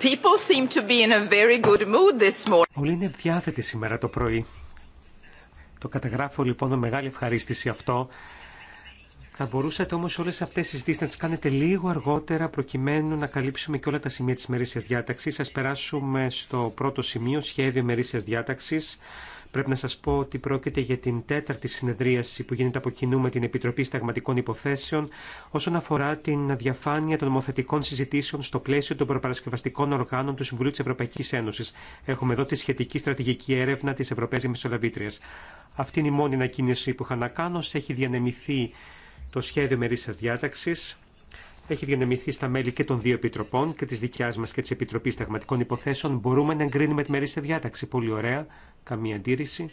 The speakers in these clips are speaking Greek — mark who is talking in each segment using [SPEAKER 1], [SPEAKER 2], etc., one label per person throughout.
[SPEAKER 1] People
[SPEAKER 2] Όλοι είναι διάθετοι σήμερα το πρωί. Το καταγράφω λοιπόν με μεγάλη ευχαρίστηση αυτό. Θα μπορούσατε όμως όλες αυτές τις συζητήσεις να τις κάνετε λίγο αργότερα προκειμένου να καλύψουμε και όλα τα σημεία της μερίσιας διάταξης. Σας περάσουμε στο πρώτο σημείο, σχέδιο μερίσιας διάταξης. Πρέπει να σα πω ότι πρόκειται για την τέταρτη συνεδρίαση που γίνεται από κοινού με την Επιτροπή Σταγματικών Υποθέσεων όσον αφορά την διαφάνεια των νομοθετικών συζητήσεων στο πλαίσιο των προπαρασκευαστικών οργάνων του Συμβουλίου τη Ευρωπαϊκή Ένωση. Έχουμε εδώ τη σχετική στρατηγική έρευνα τη Ευρωπαϊκή Μεσολαβήτριας. Αυτή είναι η μόνη ανακοίνωση που είχα να κάνω. έχει διανεμηθεί το σχέδιο σα διάταξη έχει διανεμηθεί στα μέλη και των δύο επιτροπών, και τη δικιά μα και τη Επιτροπή Σταγματικών Υποθέσεων. Μπορούμε να εγκρίνουμε τη μερίσια διάταξη. Πολύ ωραία. Καμία αντίρρηση.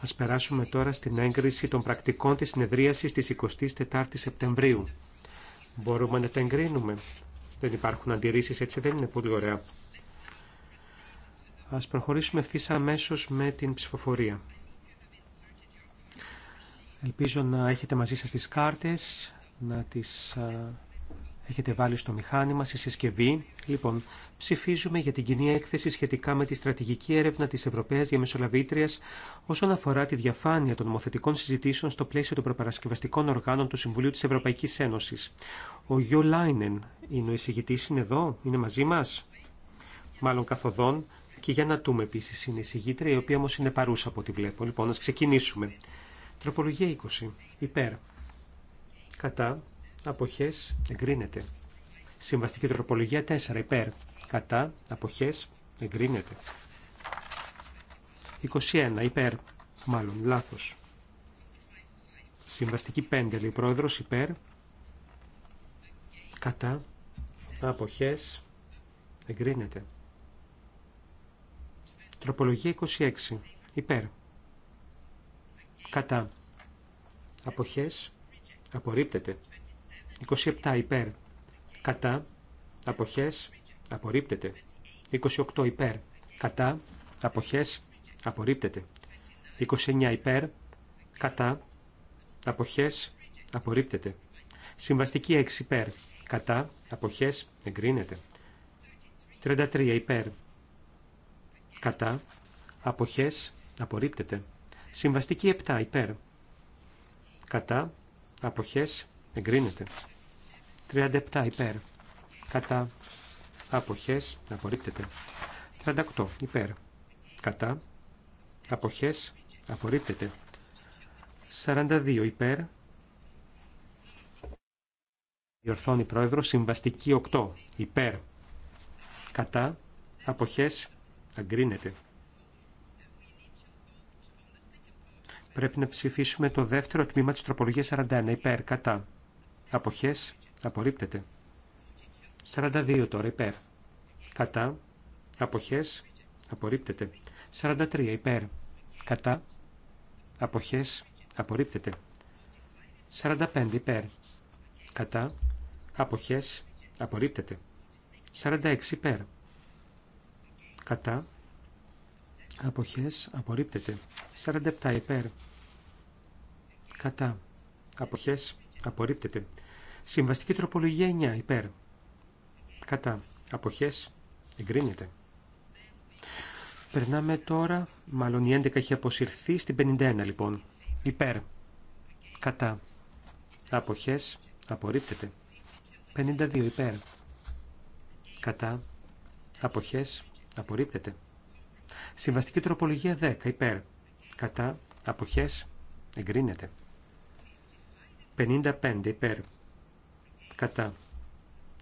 [SPEAKER 2] Ας περάσουμε τώρα στην έγκριση των πρακτικών της συνεδρίασης της 24 η Σεπτεμβρίου. Μπορούμε να τα εγκρίνουμε. Δεν υπάρχουν αντιρρήσεις, έτσι δεν είναι πολύ ωραία. Ας προχωρήσουμε ευθύ αμέσως με την ψηφοφορία. Ελπίζω να έχετε μαζί σας τις κάρτες, να τις έχετε βάλει στο μηχάνημα, στη συσκευή. Λοιπόν, ψηφίζουμε για την κοινή έκθεση σχετικά με τη στρατηγική έρευνα της Ευρωπαίας Διαμεσολαβήτριας όσον αφορά τη διαφάνεια των νομοθετικών συζητήσεων στο πλαίσιο των προπαρασκευαστικών οργάνων του Συμβουλίου της Ευρωπαϊκής Ένωσης. Ο Γιώ Λάινεν είναι ο εισηγητής, είναι εδώ, είναι μαζί μας, μάλλον καθοδόν. Και για να τούμε επίση είναι η συγγήτρια, η οποία όμω είναι παρούσα από ό,τι βλέπω. Λοιπόν, α ξεκινήσουμε. Τροπολογία 20. Υπέρ. Κατά. αποχέ, Εγκρίνεται. Συμβαστική τροπολογία 4. Υπέρ. Κατά. αποχέ, Εγκρίνεται. 21. Υπέρ. Μάλλον λάθο. Συμβαστική 5. Λέει πρόεδρο. Υπέρ. Κατά. Αποχές. Εγκρίνεται. Τροπολογία 26. Υπέρ κατά αποχές απορρίπτεται 27 υπέρ κατά αποχές απορρίπτεται 28 υπέρ κατά αποχές απορρίπτεται 29 υπέρ κατά αποχές απορρίπτεται συμβαστική 6 υπέρ κατά αποχές εγκρίνεται 33 υπέρ κατά αποχές απορρίπτεται Συμβαστική 7 υπέρ. Κατά. Αποχές. Εγκρίνεται. 37 υπέρ. Κατά. Αποχές. Απορρίπτεται. 38 υπέρ. Κατά. Αποχές. Απορρίπτεται. 42 υπέρ. Διορθώνει πρόεδρο. Συμβαστική 8 υπέρ. Κατά. Αποχές. εγκρίνεται. Πρέπει να ψηφίσουμε το δεύτερο τμήμα της τροπολογίας 41. Υπέρ, κατά. Αποχές, απορρίπτεται. 42 τώρα, υπέρ. Κατά. Αποχές, απορρίπτεται. 43 υπέρ. Κατά. Αποχές, απορρίπτεται. 45 υπέρ. Κατά. Αποχές, απορρίπτεται. 46 υπέρ. Κατά. Αποχές απορρίπτεται. 47 υπέρ. Κατά. Αποχές απορρίπτεται. Συμβαστική τροπολογία 9 υπέρ. Κατά. Αποχές εγκρίνεται. Περνάμε τώρα, μάλλον η 11 έχει αποσυρθεί, στην 51 λοιπόν. Υπέρ. Κατά. Αποχές απορρίπτεται. 52 υπέρ. Κατά. Αποχές απορρίπτεται. Συμβαστική τροπολογία 10 υπέρ. Κατά αποχές εγκρίνεται. 55 υπέρ. Κατά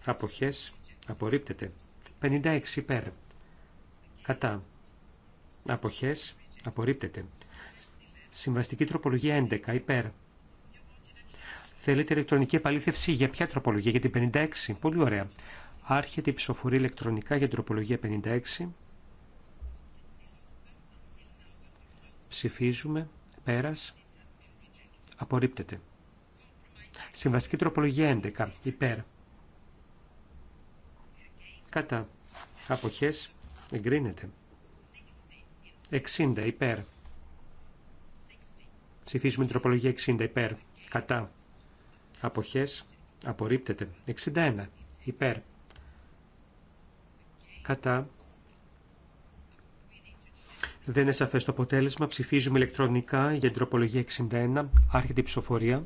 [SPEAKER 2] αποχές απορρίπτεται. 56 υπέρ. Κατά αποχές απορρίπτεται. Συμβαστική τροπολογία 11 υπέρ. Θέλετε ηλεκτρονική επαλήθευση για ποια τροπολογία, για την 56. Πολύ ωραία. Άρχεται η ψηφοφορία ηλεκτρονικά για την τροπολογία 56. Ψηφίζουμε. Πέρας. Απορρίπτεται. Συμβαστική τροπολογία 11. Υπέρ. Κατά. Αποχές. Εγκρίνεται. 60. Υπέρ. Ψηφίζουμε τροπολογία 60. Υπέρ. Κατά. Αποχές. Απορρίπτεται. 61. Υπέρ. Κατά. Δεν είναι σαφές το αποτέλεσμα. Ψηφίζουμε ηλεκτρονικά για την τροπολογία 61. Άρχεται η ψηφοφορία.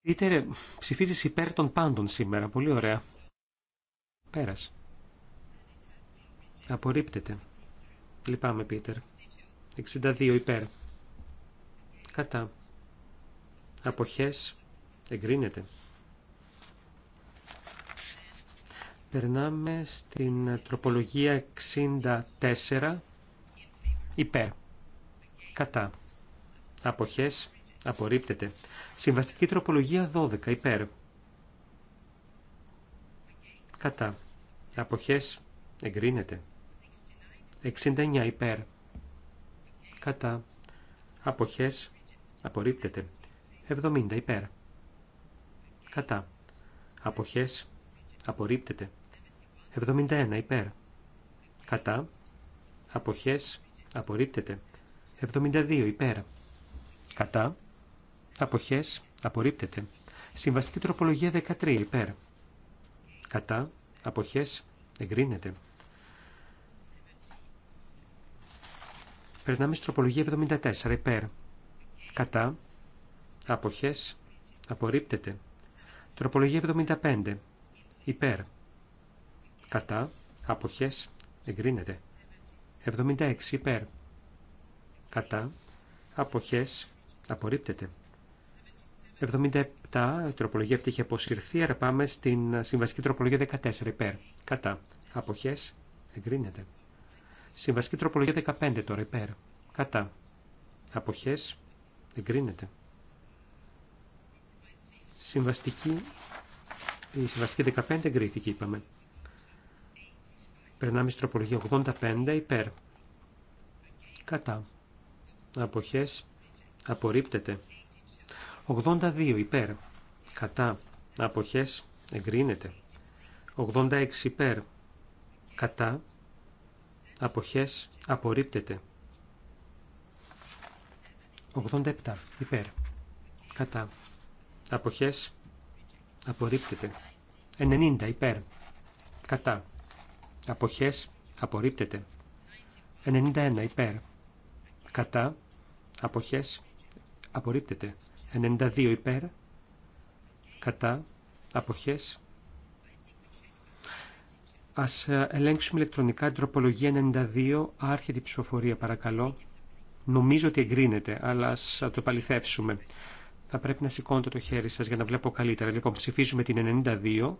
[SPEAKER 2] Πίτερ, ψηφίζεις υπέρ των πάντων σήμερα. Πολύ ωραία. Πέρας. Απορρίπτεται. Λυπάμαι, Πίτερ. 62 υπέρ. Κατά. Αποχές. Εγκρίνεται. Περνάμε στην τροπολογία 64 υπέρ. Κατά. Αποχές. Απορρίπτεται. Συμβαστική τροπολογία 12 υπέρ. Κατά. Αποχές. Εγκρίνεται. 69 υπέρ. Κατά. Αποχές. Απορρίπτεται. 70 υπέρ. Κατά. Αποχές. Απορρίπτεται. 71 υπέρ. Κατά. Αποχές. Απορρίπτεται. 72 υπέρ. Κατά. Αποχές. Απορρίπτεται. Συμβαστική τροπολογία 13 υπέρ. Κατά. Αποχές. Εγκρίνεται. Περνάμε στην τροπολογία 74 υπέρ. Κατά. Αποχές. Απορρίπτεται. Τροπολογία 75. Υπέρ κατά, αποχές, εγκρίνεται. 76 υπέρ, κατά, αποχές, απορρίπτεται. 77, η τροπολογία αυτή είχε αποσυρθεί, άρα πάμε στην συμβασική τροπολογία 14 υπέρ, κατά, αποχές, εγκρίνεται. Συμβασική τροπολογία 15 τώρα υπέρ, κατά, αποχές, εγκρίνεται. Συμβαστική, η συμβαστική 15 εγκρίθηκε είπαμε. Περνάμε στην τροπολογία 85 υπέρ. Κατά. Αποχές. Απορρίπτεται. 82 υπέρ. Κατά. Αποχές. Εγκρίνεται. 86 υπέρ. Κατά. Αποχές. Απορρίπτεται. 87 υπέρ. Κατά. Αποχές. Απορρίπτεται. 90 υπέρ. Κατά αποχές απορρίπτεται. 91 υπέρ κατά αποχές απορρίπτεται. 92 υπέρ κατά αποχές Ας ε, ελέγξουμε ηλεκτρονικά την τροπολογία 92, άρχεται η ψηφοφορία παρακαλώ. Νομίζω ότι εγκρίνεται, αλλά ας το επαληθεύσουμε. Θα πρέπει να σηκώνετε το χέρι σας για να βλέπω καλύτερα. Λοιπόν, ψηφίζουμε την 92,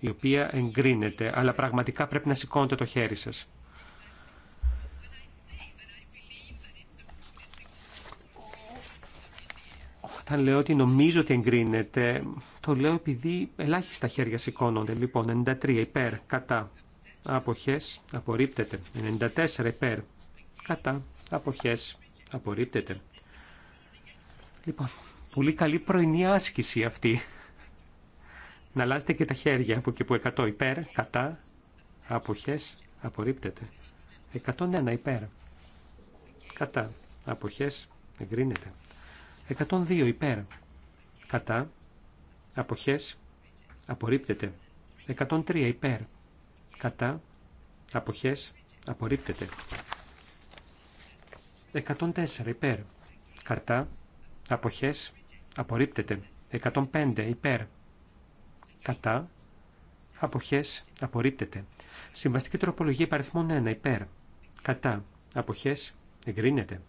[SPEAKER 2] η οποία εγκρίνεται, αλλά πραγματικά πρέπει να σηκώνετε το χέρι σας. Όταν λέω ότι νομίζω ότι εγκρίνεται, το λέω επειδή ελάχιστα χέρια σηκώνονται. Λοιπόν, 93 υπέρ, κατά, αποχές, απορρίπτεται. 94 υπέρ, κατά, αποχές, απορρίπτεται. Λοιπόν, πολύ καλή πρωινή άσκηση αυτή να αλλάζετε και τα χέρια από εκεί που 100 υπέρ, κατά, αποχές, απορρίπτεται. 101 υπέρ, κατά, αποχές, εγκρίνεται. 102 υπέρ, κατά, αποχές, απορρίπτεται. 103 υπέρ, κατά, αποχές, απορρίπτεται. 104 υπέρ, κατά, αποχές, απορρίπτεται. 105 υπέρ, κατά, αποχές, απορρίπτεται. Συμβαστική τροπολογία υπαριθμών 1, υπέρ, κατά, αποχές, εγκρίνεται.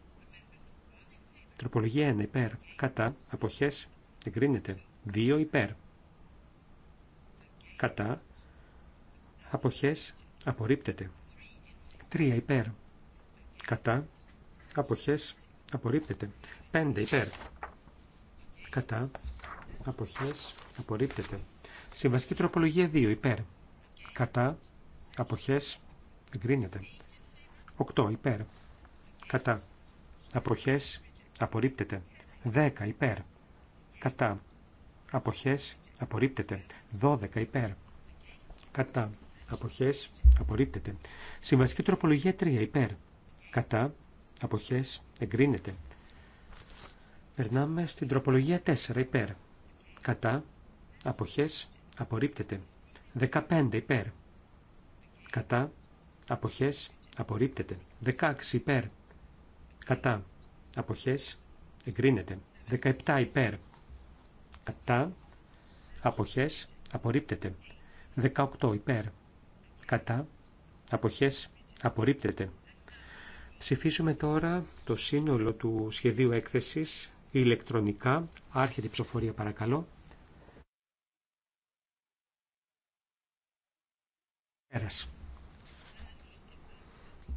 [SPEAKER 2] Τροπολογία 1, υπέρ, κατά, αποχές, εγκρίνεται. 2, υπέρ, κατά, αποχές, απορρίπτεται. 3, υπέρ, κατά, αποχές, απορρίπτεται. 5, υπέρ, κατά, αποχές, απορρίπτεται. Συμβαστική τροπολογία 2 υπέρ. Κατά. Αποχές. Εγκρίνεται. 8 υπέρ. Κατά. Αποχές. Απορρίπτεται. 10 υπέρ. Κατά. Αποχές. Απορρίπτεται. 12 υπέρ. Κατά. Αποχές. Απορρίπτεται. Συμβαστική τροπολογία 3 υπέρ. Κατά. Αποχές. Εγκρίνεται. Περνάμε στην τροπολογία 4 υπέρ. Κατά. Αποχές απορρίπτεται. 15 υπέρ. Κατά. Αποχές. Απορρίπτεται. 16 υπέρ. Κατά. Αποχές. Εγκρίνεται. 17 υπέρ. Κατά. Αποχές. Απορρίπτεται. 18 υπέρ. Κατά. Αποχές. Απορρίπτεται. Ψηφίσουμε τώρα το σύνολο του σχεδίου έκθεσης ηλεκτρονικά. Άρχεται η ψηφοφορία παρακαλώ.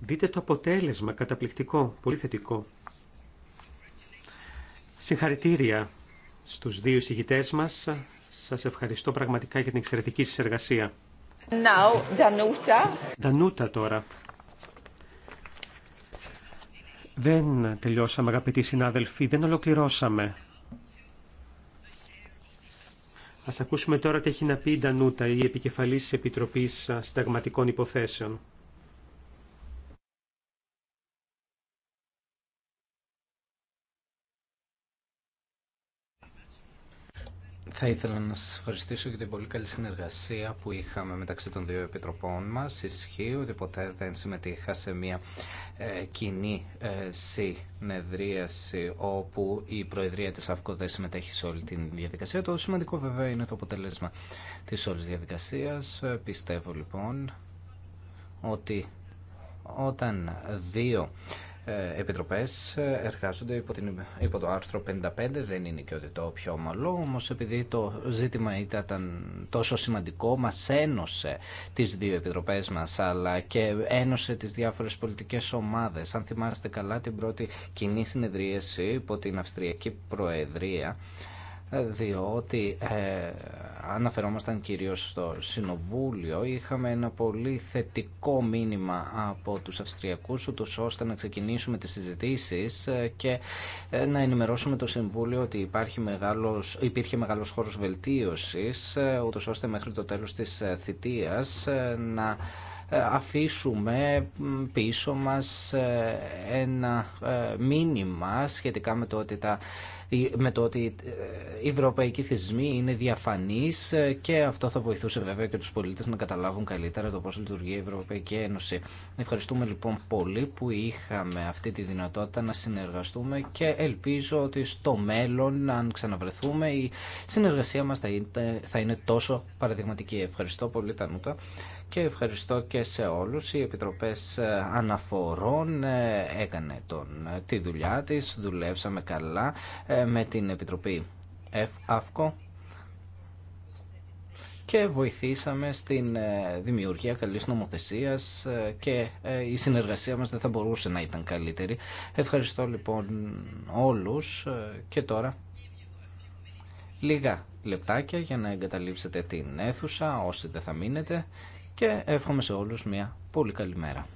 [SPEAKER 2] Δείτε το αποτέλεσμα, καταπληκτικό, πολύ θετικό. Συγχαρητήρια στους δύο συγητές μας. Σας ευχαριστώ πραγματικά για την εξαιρετική συνεργασία.
[SPEAKER 1] Now,
[SPEAKER 2] τώρα. Δεν τελειώσαμε αγαπητοί συνάδελφοι, δεν ολοκληρώσαμε. Ας ακούσουμε τώρα τι έχει να πει η Ντανούτα, η επικεφαλής Επιτροπής Συνταγματικών Υποθέσεων.
[SPEAKER 1] Θα ήθελα να σας ευχαριστήσω για την πολύ καλή συνεργασία που είχαμε μεταξύ των δύο επιτροπών μας. Ισχύει ότι ποτέ δεν συμμετείχα σε μια ε, κοινή ε, συνεδρίαση όπου η Προεδρία της ΑΦΚΟ δεν συμμετέχει σε όλη την διαδικασία. Το σημαντικό βέβαια είναι το αποτέλεσμα της όλης διαδικασίας. Ε, πιστεύω λοιπόν ότι όταν δύο ε, επιτροπές ε, εργάζονται υπό, την, υπό το άρθρο 55, δεν είναι και ότι το πιο ομαλό, όμως επειδή το ζήτημα ήταν τόσο σημαντικό, μας ένωσε τις δύο επιτροπές μας, αλλά και ένωσε τις διάφορες πολιτικές ομάδες. Αν θυμάστε καλά την πρώτη κοινή συνεδρίαση υπό την Αυστριακή Προεδρία, διότι ε, αναφερόμασταν κυρίως στο Συνοβούλιο είχαμε ένα πολύ θετικό μήνυμα από τους Αυστριακούς ούτως ώστε να ξεκινήσουμε τις συζητήσεις ε, και ε, να ενημερώσουμε το Συμβούλιο ότι υπάρχει μεγάλος, υπήρχε μεγάλος χώρος βελτίωσης ε, ούτως ώστε μέχρι το τέλος της θητείας να αφήσουμε πίσω μας ένα μήνυμα σχετικά με το ότι τα με το ότι ε, οι ευρωπαϊκοί θεσμοί είναι διαφανής ε, και αυτό θα βοηθούσε βέβαια και τους πολίτες να καταλάβουν καλύτερα το πώς λειτουργεί η Ευρωπαϊκή Ένωση. Ευχαριστούμε λοιπόν πολύ που είχαμε αυτή τη δυνατότητα να συνεργαστούμε και ελπίζω ότι στο μέλλον αν ξαναβρεθούμε η συνεργασία μας θα είναι, θα είναι τόσο παραδειγματική. Ευχαριστώ πολύ Τανούτα και ευχαριστώ και σε όλους. Οι Επιτροπές ε, Αναφορών ε, έκανε τον, ε, τη δουλειά της, δουλέψαμε καλά με την Επιτροπή ΑΦΚΟ και βοηθήσαμε στην δημιουργία καλής νομοθεσίας και η συνεργασία μας δεν θα μπορούσε να ήταν καλύτερη. Ευχαριστώ λοιπόν όλους και τώρα λίγα λεπτάκια για να εγκαταλείψετε την αίθουσα όσοι δεν θα μείνετε και εύχομαι σε όλους μια πολύ καλή μέρα.